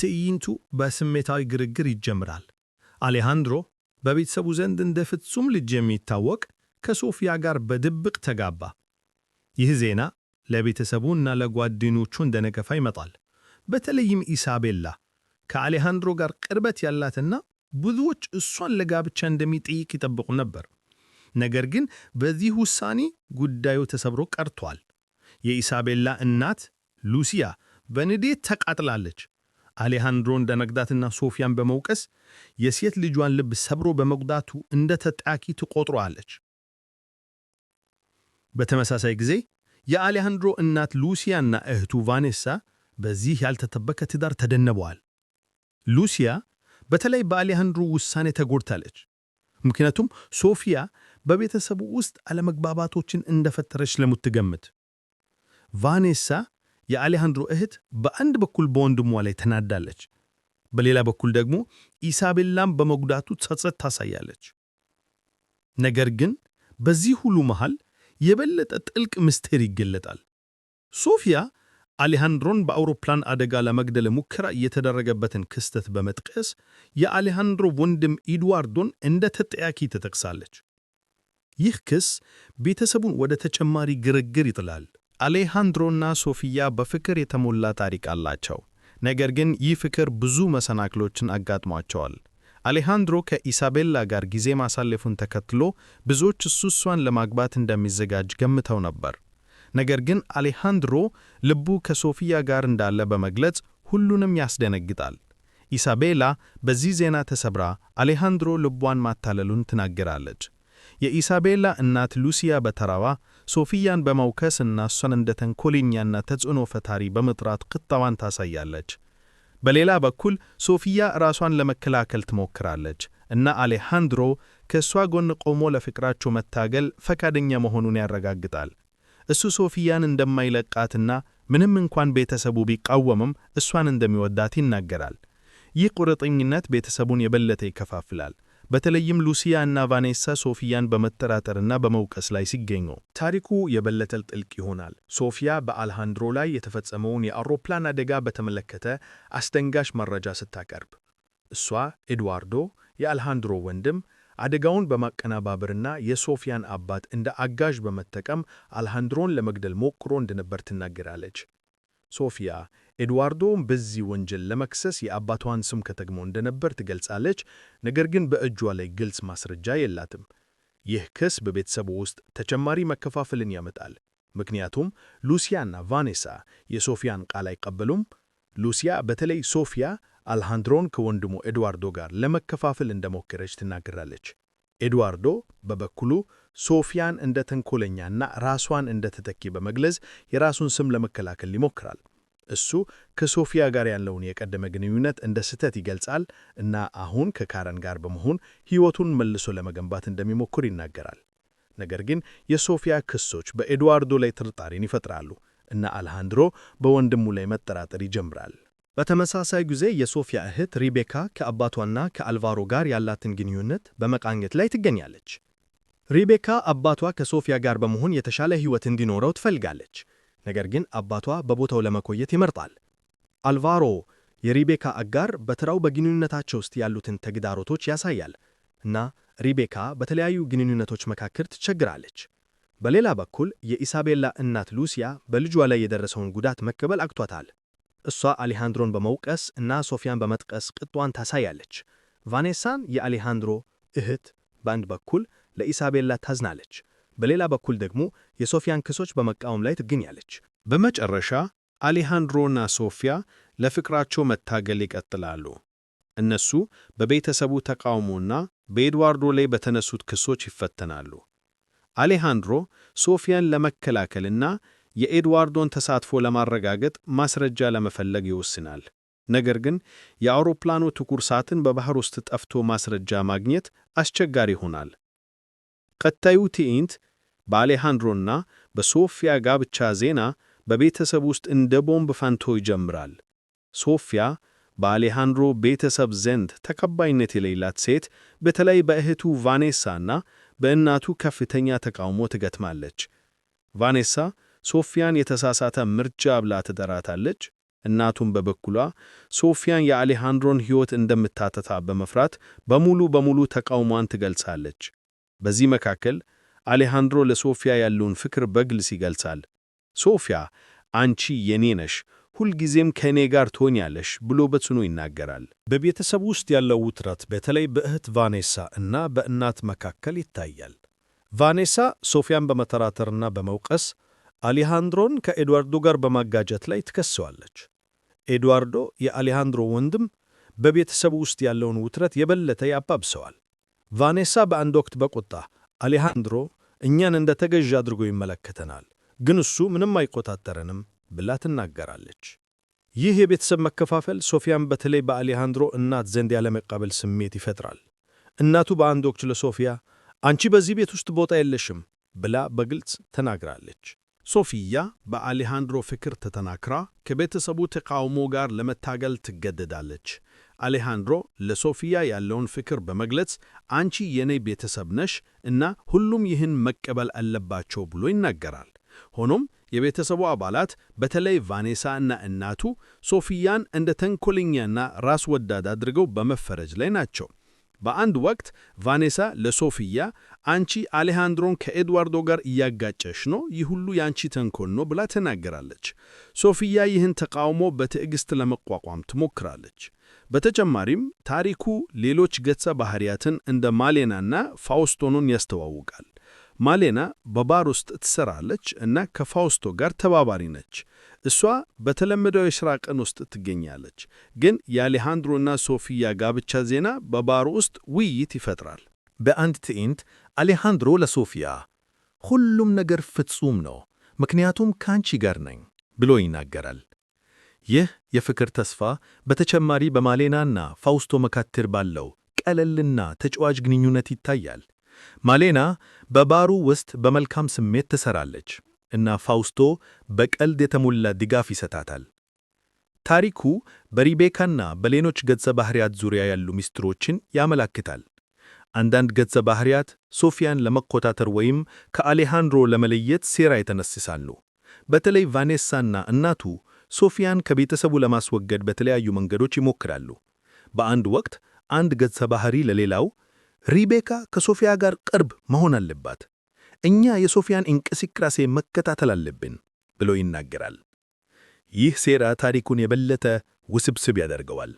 ትዕይንቱ በስሜታዊ ግርግር ይጀምራል። አሌሃንድሮ በቤተሰቡ ዘንድ እንደ ፍጹም ልጅ የሚታወቅ ከሶፊያ ጋር በድብቅ ተጋባ። ይህ ዜና ለቤተሰቡና ለጓደኞቹ እንደ ነቀፋ ይመጣል። በተለይም ኢሳቤላ ከአሌሃንድሮ ጋር ቅርበት ያላትና ብዙዎች እሷን ለጋብቻ እንደሚጠይቅ ይጠብቁ ነበር። ነገር ግን በዚህ ውሳኔ ጉዳዩ ተሰብሮ ቀርቷል። የኢሳቤላ እናት ሉሲያ በንዴት ተቃጥላለች። አሌሃንድሮን ለመግዳትና ሶፊያን በመውቀስ የሴት ልጇን ልብ ሰብሮ በመጉዳቱ እንደ ተጣቂ ትቆጥሯለች። በተመሳሳይ ጊዜ የአሌሃንድሮ እናት ሉሲያና እህቱ ቫኔሳ በዚህ ያልተጠበቀ ትዳር ተደንበዋል። ሉሲያ በተለይ በአሌሃንድሮ ውሳኔ ተጎድታለች። ምክንያቱም ሶፊያ በቤተሰቡ ውስጥ አለመግባባቶችን እንደፈጠረች ስለምትገምት ቫኔሳ የአሌሃንድሮ እህት በአንድ በኩል በወንድሟ ላይ ተናዳለች፣ በሌላ በኩል ደግሞ ኢሳቤላም በመጉዳቱ ጸጸት ታሳያለች። ነገር ግን በዚህ ሁሉ መሃል የበለጠ ጥልቅ ምስጢር ይገለጣል። ሶፊያ አሌሃንድሮን በአውሮፕላን አደጋ ለመግደል ሙከራ የተደረገበትን ክስተት በመጥቀስ የአሌሃንድሮ ወንድም ኢድዋርዶን እንደ ተጠያቂ ትጠቅሳለች። ይህ ክስ ቤተሰቡን ወደ ተጨማሪ ግርግር ይጥላል። አሌሃንድሮና ሶፊያ በፍቅር የተሞላ ታሪክ አላቸው። ነገር ግን ይህ ፍቅር ብዙ መሰናክሎችን አጋጥሟቸዋል። አሌሃንድሮ ከኢሳቤላ ጋር ጊዜ ማሳለፉን ተከትሎ ብዙዎች እሱ እሷን ለማግባት እንደሚዘጋጅ ገምተው ነበር። ነገር ግን አሌሃንድሮ ልቡ ከሶፊያ ጋር እንዳለ በመግለጽ ሁሉንም ያስደነግጣል። ኢሳቤላ በዚህ ዜና ተሰብራ አሌሃንድሮ ልቧን ማታለሉን ትናገራለች። የኢሳቤላ እናት ሉሲያ በተራዋ ሶፊያን እና እሷን እንደ ተንኮለኛና ተጽዕኖ ፈታሪ በመጥራት ቅጣዋን ታሳያለች። በሌላ በኩል ሶፊያ ራሷን ለመከላከል ትሞክራለች እና አሌሃንድሮ ከእሷ ጎን ቆሞ ለፍቅራቸው መታገል ፈቃደኛ መሆኑን ያረጋግጣል። እሱ ሶፊያን እንደማይለቃትና ምንም እንኳን ቤተሰቡ ቢቃወምም እሷን እንደሚወዳት ይናገራል። ይህ ቁርጠኝነት ቤተሰቡን የበለጠ ይከፋፍላል። በተለይም ሉሲያ እና ቫኔሳ ሶፊያን በመጠራጠርና በመውቀስ ላይ ሲገኙ ታሪኩ የበለጠ ጥልቅ ይሆናል። ሶፊያ በአልሃንድሮ ላይ የተፈጸመውን የአውሮፕላን አደጋ በተመለከተ አስደንጋሽ መረጃ ስታቀርብ፣ እሷ ኤድዋርዶ፣ የአልሃንድሮ ወንድም፣ አደጋውን በማቀነባበርና የሶፊያን አባት እንደ አጋዥ በመጠቀም አልሃንድሮን ለመግደል ሞክሮ እንደነበር ትናገራለች። ሶፊያ ኤድዋርዶን በዚህ ወንጀል ለመክሰስ የአባቷን ስም ከተግሞ እንደነበር ትገልጻለች። ነገር ግን በእጇ ላይ ግልጽ ማስረጃ የላትም። ይህ ክስ በቤተሰቡ ውስጥ ተጨማሪ መከፋፈልን ያመጣል። ምክንያቱም ሉሲያና ቫኔሳ የሶፊያን ቃል አይቀበሉም። ሉሲያ በተለይ ሶፊያ አልሃንድሮን ከወንድሙ ኤድዋርዶ ጋር ለመከፋፈል እንደሞከረች ትናገራለች። ኤድዋርዶ በበኩሉ ሶፊያን እንደ ተንኮለኛና ራሷን እንደ ተተኪ በመግለጽ የራሱን ስም ለመከላከል ይሞክራል። እሱ ከሶፊያ ጋር ያለውን የቀደመ ግንኙነት እንደ ስህተት ይገልጻል እና አሁን ከካረን ጋር በመሆን ሕይወቱን መልሶ ለመገንባት እንደሚሞክር ይናገራል። ነገር ግን የሶፊያ ክሶች በኤድዋርዶ ላይ ጥርጣሬን ይፈጥራሉ እና አልሃንድሮ በወንድሙ ላይ መጠራጠር ይጀምራል። በተመሳሳይ ጊዜ የሶፊያ እህት ሪቤካ ከአባቷና ከአልቫሮ ጋር ያላትን ግንኙነት በመቃኘት ላይ ትገኛለች። ሪቤካ አባቷ ከሶፊያ ጋር በመሆን የተሻለ ሕይወት እንዲኖረው ትፈልጋለች። ነገር ግን አባቷ በቦታው ለመቆየት ይመርጣል። አልቫሮ የሪቤካ አጋር በትራው በግንኙነታቸው ውስጥ ያሉትን ተግዳሮቶች ያሳያል እና ሪቤካ በተለያዩ ግንኙነቶች መካከል ትቸግራለች። በሌላ በኩል የኢሳቤላ እናት ሉሲያ በልጇ ላይ የደረሰውን ጉዳት መቀበል አቅቷታል። እሷ አሊሃንድሮን በመውቀስ እና ሶፊያን በመጥቀስ ቅጧን ታሳያለች። ቫኔሳን የአሊሃንድሮ እህት በአንድ በኩል ለኢሳቤላ ታዝናለች፣ በሌላ በኩል ደግሞ የሶፊያን ክሶች በመቃወም ላይ ትገኛለች። በመጨረሻ አሊሃንድሮና ሶፊያ ለፍቅራቸው መታገል ይቀጥላሉ። እነሱ በቤተሰቡ ተቃውሞና በኤድዋርዶ ላይ በተነሱት ክሶች ይፈተናሉ። አሌሃንድሮ ሶፊያን ለመከላከልና የኤድዋርዶን ተሳትፎ ለማረጋገጥ ማስረጃ ለመፈለግ ይወስናል። ነገር ግን የአውሮፕላኑ ጥቁር ሳጥን በባሕር ውስጥ ጠፍቶ ማስረጃ ማግኘት አስቸጋሪ ይሆናል። ቀጣዩ ትዕይንት በአሌሃንድሮና በሶፊያ ጋብቻ ዜና በቤተሰብ ውስጥ እንደ ቦምብ ፈንቶ ይጀምራል። ሶፊያ በአሌሃንድሮ ቤተሰብ ዘንድ ተቀባይነት የሌላት ሴት፣ በተለይ በእህቱ ቫኔሳና በእናቱ ከፍተኛ ተቃውሞ ትገጥማለች። ቫኔሳ ሶፊያን የተሳሳተ ምርጫ ብላ ትደራታለች። እናቱም በበኩሏ ሶፊያን የአሌሃንድሮን ሕይወት እንደምታተታ በመፍራት በሙሉ በሙሉ ተቃውሟን ትገልጻለች። በዚህ መካከል አሌሃንድሮ ለሶፊያ ያለውን ፍቅር በግልጽ ይገልጻል። ሶፊያ አንቺ የኔ ነሽ፣ ሁልጊዜም ከእኔ ጋር ትሆኛለሽ ብሎ በጽኑ ይናገራል። በቤተሰብ ውስጥ ያለው ውጥረት በተለይ በእህት ቫኔሳ እና በእናት መካከል ይታያል። ቫኔሳ ሶፊያን በመተራተርና በመውቀስ አሊሃንድሮን ከኤድዋርዶ ጋር በማጋጀት ላይ ትከሰዋለች። ኤድዋርዶ የአሊሃንድሮ ወንድም፣ በቤተሰቡ ውስጥ ያለውን ውጥረት የበለጠ ያባብሰዋል። ቫኔሳ በአንድ ወቅት በቁጣ አሊሃንድሮ እኛን እንደ ተገዥ አድርጎ ይመለከተናል፣ ግን እሱ ምንም አይቆጣጠረንም ብላ ትናገራለች። ይህ የቤተሰብ መከፋፈል ሶፊያን በተለይ በአሊሃንድሮ እናት ዘንድ ያለመቀበል ስሜት ይፈጥራል። እናቱ በአንድ ወቅት ለሶፊያ አንቺ በዚህ ቤት ውስጥ ቦታ የለሽም ብላ በግልጽ ተናግራለች። ሶፊያ በአሌሃንድሮ ፍቅር ተተናክራ ከቤተሰቡ ተቃውሞ ጋር ለመታገል ትገደዳለች። አሌሃንድሮ ለሶፊያ ያለውን ፍቅር በመግለጽ አንቺ የኔ ቤተሰብ ነሽ እና ሁሉም ይህን መቀበል አለባቸው ብሎ ይናገራል። ሆኖም የቤተሰቡ አባላት በተለይ ቫኔሳ እና እናቱ ሶፊያን እንደ ተንኮለኛና ራስ ወዳድ አድርገው በመፈረጅ ላይ ናቸው። በአንድ ወቅት ቫኔሳ ለሶፊያ አንቺ አሌሃንድሮን ከኤድዋርዶ ጋር እያጋጨሽ ነው፣ ይህ ሁሉ የአንቺ ተንኮል ነው ብላ ተናገራለች። ሶፊያ ይህን ተቃውሞ በትዕግሥት ለመቋቋም ትሞክራለች። በተጨማሪም ታሪኩ ሌሎች ገጸ ባህሪያትን እንደ ማሌናና ፋውስቶኑን ያስተዋውቃል። ማሌና በባር ውስጥ ትሰራለች እና ከፋውስቶ ጋር ተባባሪ ነች። እሷ በተለመደው የሥራ ቀን ውስጥ ትገኛለች፣ ግን እና ሶፊያ ጋብቻ ዜና በባሩ ውስጥ ውይይት ይፈጥራል። በአንድ ትዕይንት አሌሃንድሮ ለሶፊያ ሁሉም ነገር ፍጹም ነው፣ ምክንያቱም ከአንቺ ጋር ነኝ ብሎ ይናገራል። ይህ የፍቅር ተስፋ በተጨማሪ በማሌናና ፋውስቶ መካከል ባለው ቀለልና ተጫዋች ግንኙነት ይታያል። ማሌና በባሩ ውስጥ በመልካም ስሜት ትሰራለች እና ፋውስቶ በቀልድ የተሞላ ድጋፍ ይሰጣታል። ታሪኩ በሪቤካና በሌሎች ገጸ ባህሪያት ዙሪያ ያሉ ሚስጥሮችን ያመላክታል። አንዳንድ ገጸ ባህሪያት ሶፊያን ለመቆጣጠር ወይም ከአሌሃንድሮ ለመለየት ሴራ የተነስሳሉ። በተለይ ቫኔሳና እናቱ ሶፊያን ከቤተሰቡ ለማስወገድ በተለያዩ መንገዶች ይሞክራሉ። በአንድ ወቅት አንድ ገጸ ባህሪ ለሌላው ሪቤካ ከሶፊያ ጋር ቅርብ መሆን አለባት፣ እኛ የሶፊያን እንቅስቃሴ መከታተል አለብን ብሎ ይናገራል። ይህ ሴራ ታሪኩን የበለጠ ውስብስብ ያደርገዋል።